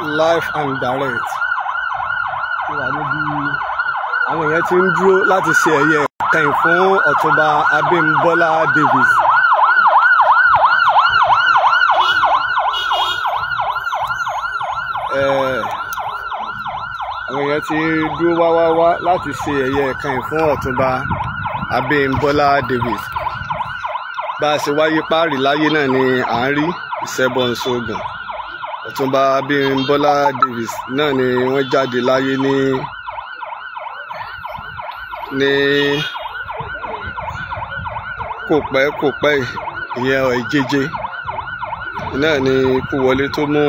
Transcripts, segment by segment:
Life and direct ti wà níbi àwọn èèyàn ti ń dúró láti ṣe ẹ̀yẹ kẹyìn fún ọ̀túnba Abímbọ́lá Davis. àwọn èèyàn ti dúró wáwáwá láti ṣe ẹ̀yẹ kẹyìn fún ọ̀túnba Abímbọ́lá Davis bá a ṣe wáyé páàrí láyé náà ni à ń rí ìṣẹ́bọ̀ nsógun. Ọ̀túnba Abímbọ́lá Davis náà ni wọ́n jáde láyé ní ní kò pẹ́ kò pẹ́ ìyẹn ìjeje náà ni ikú wọlé tó mú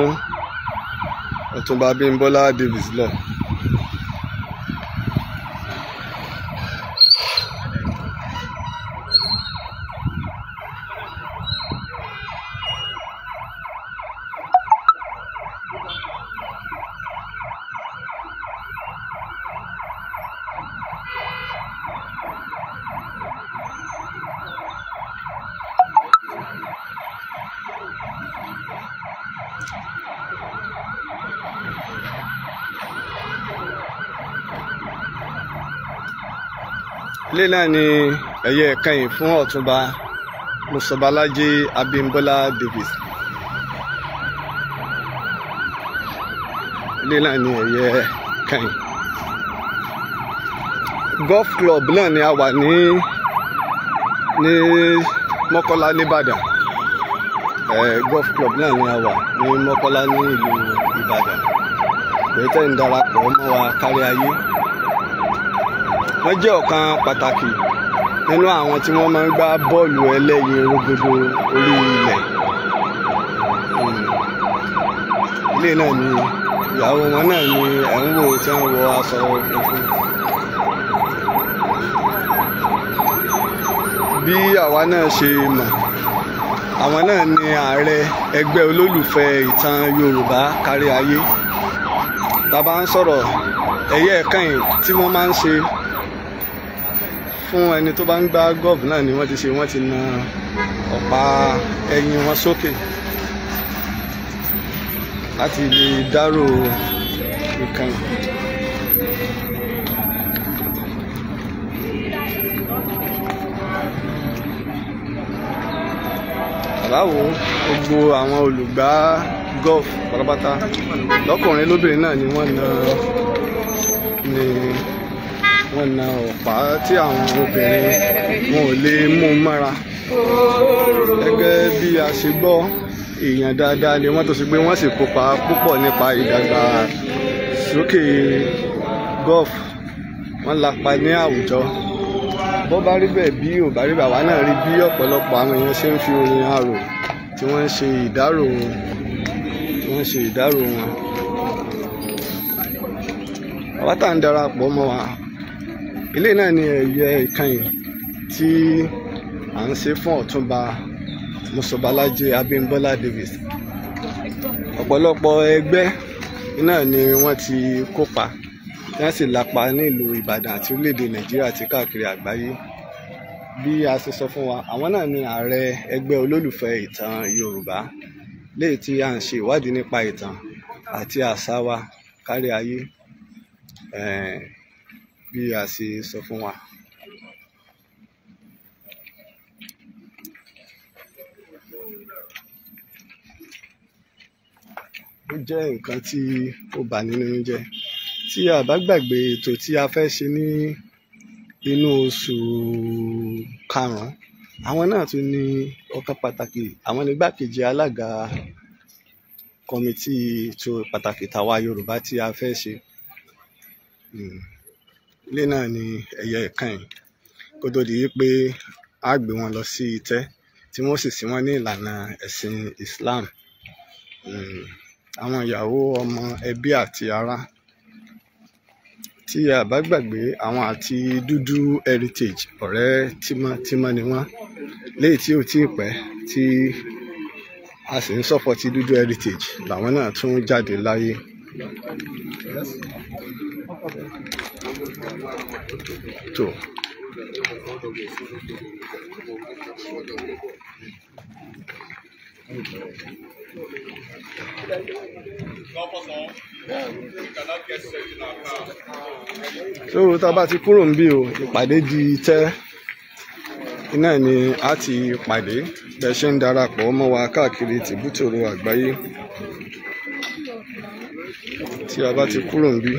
Ọ̀túnba Abímbọ́lá Davis lọ. ilé náà ni ẹ̀yẹ ìkẹyìn fún ọ̀túnba mùsọ̀bálájí abímbọ́lá davis ilé náà ni ẹ̀yẹ ìkẹyìn golf club náà ni a wà ní ní mọ́kọ́lá nìbàdàn golf club náà ni a wà ní mọ́kọ́lá ní ìlú ìbàdàn pẹ̀lú ń darapọ̀ mọ́ wa kárí ayé wọ́n jẹ́ ọ̀kan pàtàkì nínú àwọn tí wọ́n máa ń gbá bọ́ọ̀lù ẹlẹ́yin rúgbòdò orí ilẹ̀ ilé hmm. náà ni ìyàwó wọn náà ni ẹ̀ ń wò tí wọ́n wọ aṣọ funfun. bí àwa náà ṣe mọ̀ àwọn náà ni ààrẹ ẹgbẹ́ olólùfẹ́ ìtàn Yorùbá kárí ayé tá a bá ń sọ̀rọ̀ ẹ̀yẹ ẹ̀kan yìí tí wọ́n máa ń ṣe fún ẹni tó bá ń gbá gọ́ọ̀fù náà ni wọ́n ti ṣe wọ́n ti na ọ̀pá ẹyin wọn sókè láti lè dárò nǹkan. báwo gbogbo àwọn olùgbá golf pátápátá lọ́kùnrin lóbìnrin náà ni wọ́n na ni wọ́n na ọ̀pá tí àwọn obìnrin wọn ò lè mú mọ́ra gẹ́gẹ́ bí a ṣe gbọ́ èèyàn dáadáa ni wọ́n tó ṣe pé wọ́n sì kópa púpọ̀ nípa ìdàgbàsókè gọ́ọ̀fù wọ́n lapa ní àwùjọ bó bá rí bẹ́ẹ̀ bí ò bá rí bàbá náà rí bí ọ̀pọ̀lọpọ̀ àwọn èèyàn ṣe ń fi orin arò tí wọ́n ń ṣe ìdárò wọn tí wọ́n ń ṣe ìdárò wọn àwa tá à ń darapọ̀ mọ́ wa eléyìí náà ni ẹ̀yẹ ìkànnì tí à ń ṣe fún ọ̀túnba mùsùlùmí abímbọ́lá davis ọ̀pọ̀lọpọ̀ ẹgbẹ́ náà ni wọ́n ti kópa tí wọ́n sì lapa nílùú ìbàdàn àti orílẹ̀-èdè nàìjíríà àti káàkiri àgbáyé bí a ṣe sọ fún wa àwọn náà ni ààrẹ ẹgbẹ́ olólùfẹ́ ìtàn yorùbá léyìí tí a ń ṣe ìwádìí nípa ìtàn àti àṣà wa kárí ayé bí a ṣe sọ fún wa. ó jẹ́ nǹkan tí ó bà ní nínú jẹ́ tí a bá gbàgbé ètò tí a fẹ́ ṣe ní inú oṣù karùn-ún àwọn náà tún ní ọ̀kan pàtàkì àwọn nígbàkejì alága kọ́mítì ètò pàtàkì tàwa Yorùbá tí a fẹ́ ṣe. Mm ilé náà ni ẹyẹ ìkànnì kó tó di wípé a gbé wọn lọ sí itẹ́ tí wọ́n sì sin wọ́n ní ìlànà ẹ̀sìn Islam hmm, àwọn ìyàwó ọmọ ẹbí àti ará tí a bá gbàgbé àwọn àti dúdú heritage ọ̀rẹ́ tímọ́tímọ́ ni wọ́n léyìí tí ò tí ì pẹ́ tí a sì ń sọ̀pọ̀ tí dúdú heritage làwọn náà tún jáde láyé to lóru tá a bá ti kúrò ń bí o ìpàdé di tẹ́ iná ni a ti pàdé bẹ́ẹ̀ ṣe ń darapọ̀ mọ́ wa káàkiri tìbútòrò àgbáyé tí a bá ti kúrò ń bí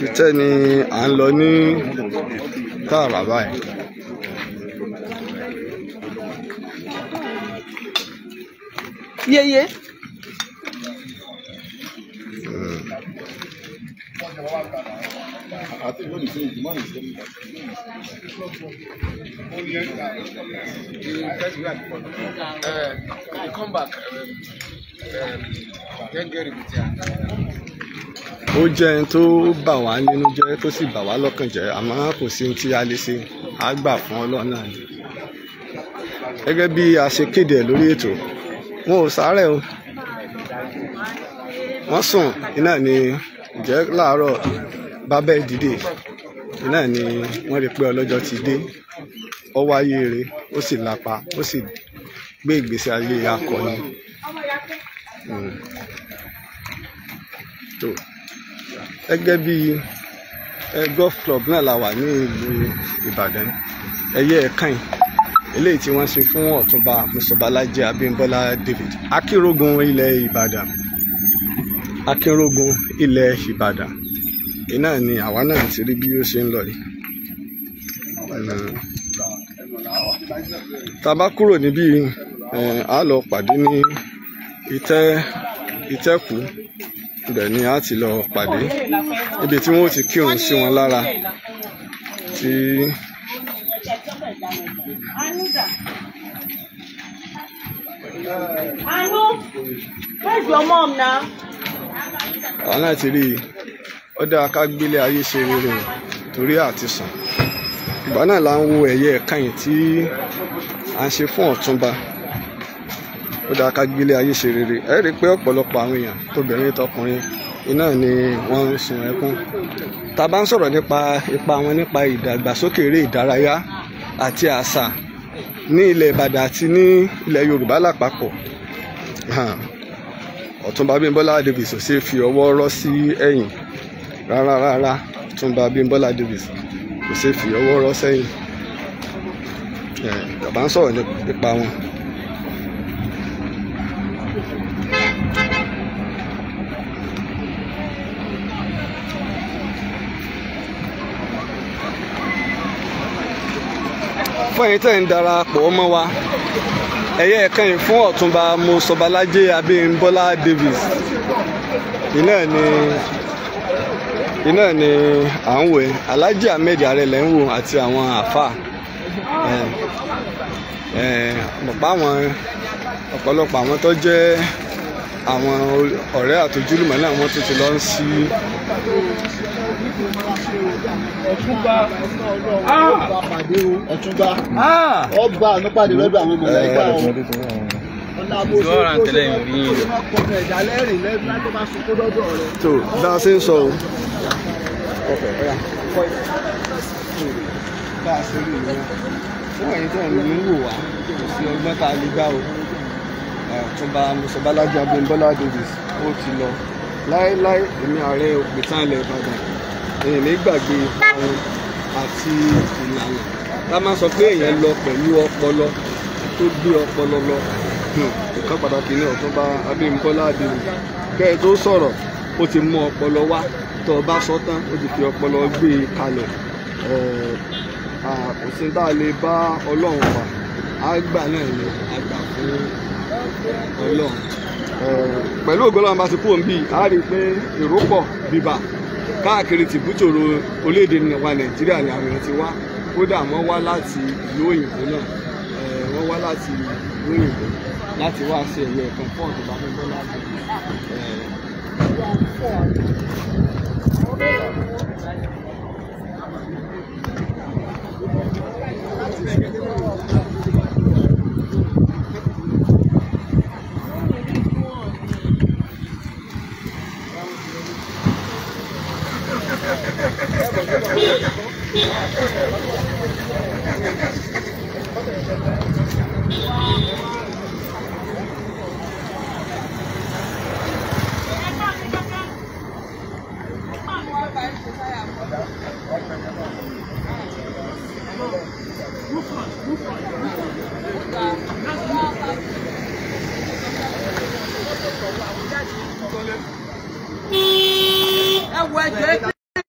kìtẹ́ ni à ń lọ ní tààrà báyìí. yeye. Uh, come back, um, then get it with you ó jẹ́ ẹni tó bà wá nínú jẹ́ tó sì bà wá lọ́kàn jẹ́ àmọ́ kò sí ní tí a lè ṣe á gbà fún ọlọ́run náà ni. gẹ́gẹ́ bí a ṣe kéde ẹ̀ lórí ètò wọn ò sáré o wọ́n sùn iná ni ìjẹ́ láàárọ̀ bábẹ́ dìde iná ni wọ́n rí pé ọlọ́jọ́ ti dé ó wáyé rẹ̀ ó sì lapa ó sì gbé ìgbésí ayé akọni. Mm. Tó gẹ́gẹ́ bí eh, golf club náà la wà ní ìlú Ìbàdàn ẹ̀yẹ ẹ̀kan eléyìí tí wọ́n ṣe fún ọ̀túnba mùsùlùmí Abímbọ́lá David akínrógun ilẹ̀ Ìbàdàn akínrógun ilẹ̀ Ìbàdàn iná ni àwa náà ti rí bí ó ṣe ń lọ yìí eh, tá a bá kúrò níbí eh, a lọ pàdé ní ìtẹ́kù ibẹ̀ ni a ti lọ pàdé ibi tí wọ́n ti kírun sí wọn lára tí your mom now? Àwọn náà ti rí i, ó dáa ká gbélé ayé ṣe rere torí àti sàn. Ìgbà náà là ń wo ẹ̀yẹ ẹ̀ka yìí tí à ṣe fún Ọ̀túnba ó dáa ká gbélé ayé ṣe rere ẹ rí i pé ọ̀pọ̀lọpọ̀ àwọn èèyàn tóbìnrin tọkùnrin iná ni wọ́n ń sun ẹkún tá bá ń sọ̀rọ̀ nípa ipa wọn nípa ìdàgbàsókè eré ìdárayá àti àṣà ní ilẹ̀ Ìbàdàn àti ní ilẹ̀ Yorùbá lápapọ̀ Ọ̀túnba Abímbọ́lá Davis ò ṣe fi ọwọ́ rọ́ sí ẹ̀yìn rárá rárá Ọ̀túnba Abímbọ́lá Davis kò ṣe fi ọwọ́ rọ́ sẹ́yìn bàbá ń sọ̀rọ̀ nípa wọn. fún ẹ̀yin tẹ̀ ń darapọ̀ mọ́ wa ẹ̀yẹ ẹ̀kẹyìn fún ọ̀túnba mo sọbalájé abímbọ́lá Davis iná ni iná ni à ń wẹ̀ Alhaji Ahmed Arẹ̀lẹ̀ ń wò àti àwọn àfà bàbá àwọn ọ̀pọ̀lọpọ̀ àwọn tó jẹ́ àwọn ọ̀rẹ́ àtòjúlùmọ̀ náà wọ́n tún ti lọ sí ọ̀túnba ọ̀túnba ọba ànúpàdé lọ́dọ̀ àwọn ọmọ ẹgbẹ́ àwọn tó bá a ṣe ń sọ o. bá a ṣe rí ìwé fún ẹ̀yin tẹ̀ ń wò wá kò sí ọgbọ́n tá a lè gbá o ọ̀túnba mùsùlùmí alájà abẹ́ńbọ́lá davis ó ti lọ láéláé èmi ààrẹ òpìtàn ilẹ̀ ìbàdàn èèyàn ní gbàgbé ohun àti ìlànà tá a máa sọ pé èèyàn lọ pẹ̀lú ọpọlọ tó gbé ọpọlọ lọ nǹkan hmm, pàtàkì ní Ọ̀túnba Abímbọ́lá Adéyẹmọ kẹ́ ẹ tó sọ̀rọ̀ ó ti mú ọpọlọ wá tó o bá sọ tán ó ti fi ọpọlọ gbé e kalẹ̀ kò sí tá a lè bá Ọlọ́run wà á gbà náà ni a gbà fún Ọlọ́run pẹ̀lú ògbọ́n làwọn bá ti kú òun bíi a rí i pé èrò pọ̀ bíbà káàkiri tìbútòrò orílẹ̀-èdè wa nàìjíríà ni àwọn èèyàn ti wá kódà wọ́n wá láti ìlú òyìnbó náà wọ́n wá láti ìlú òyìnbó láti wá ṣe ẹ̀yẹ ẹ̀kan fún ọ̀dọ̀ bá fẹ́ bọ́lá àgbẹ̀. Thank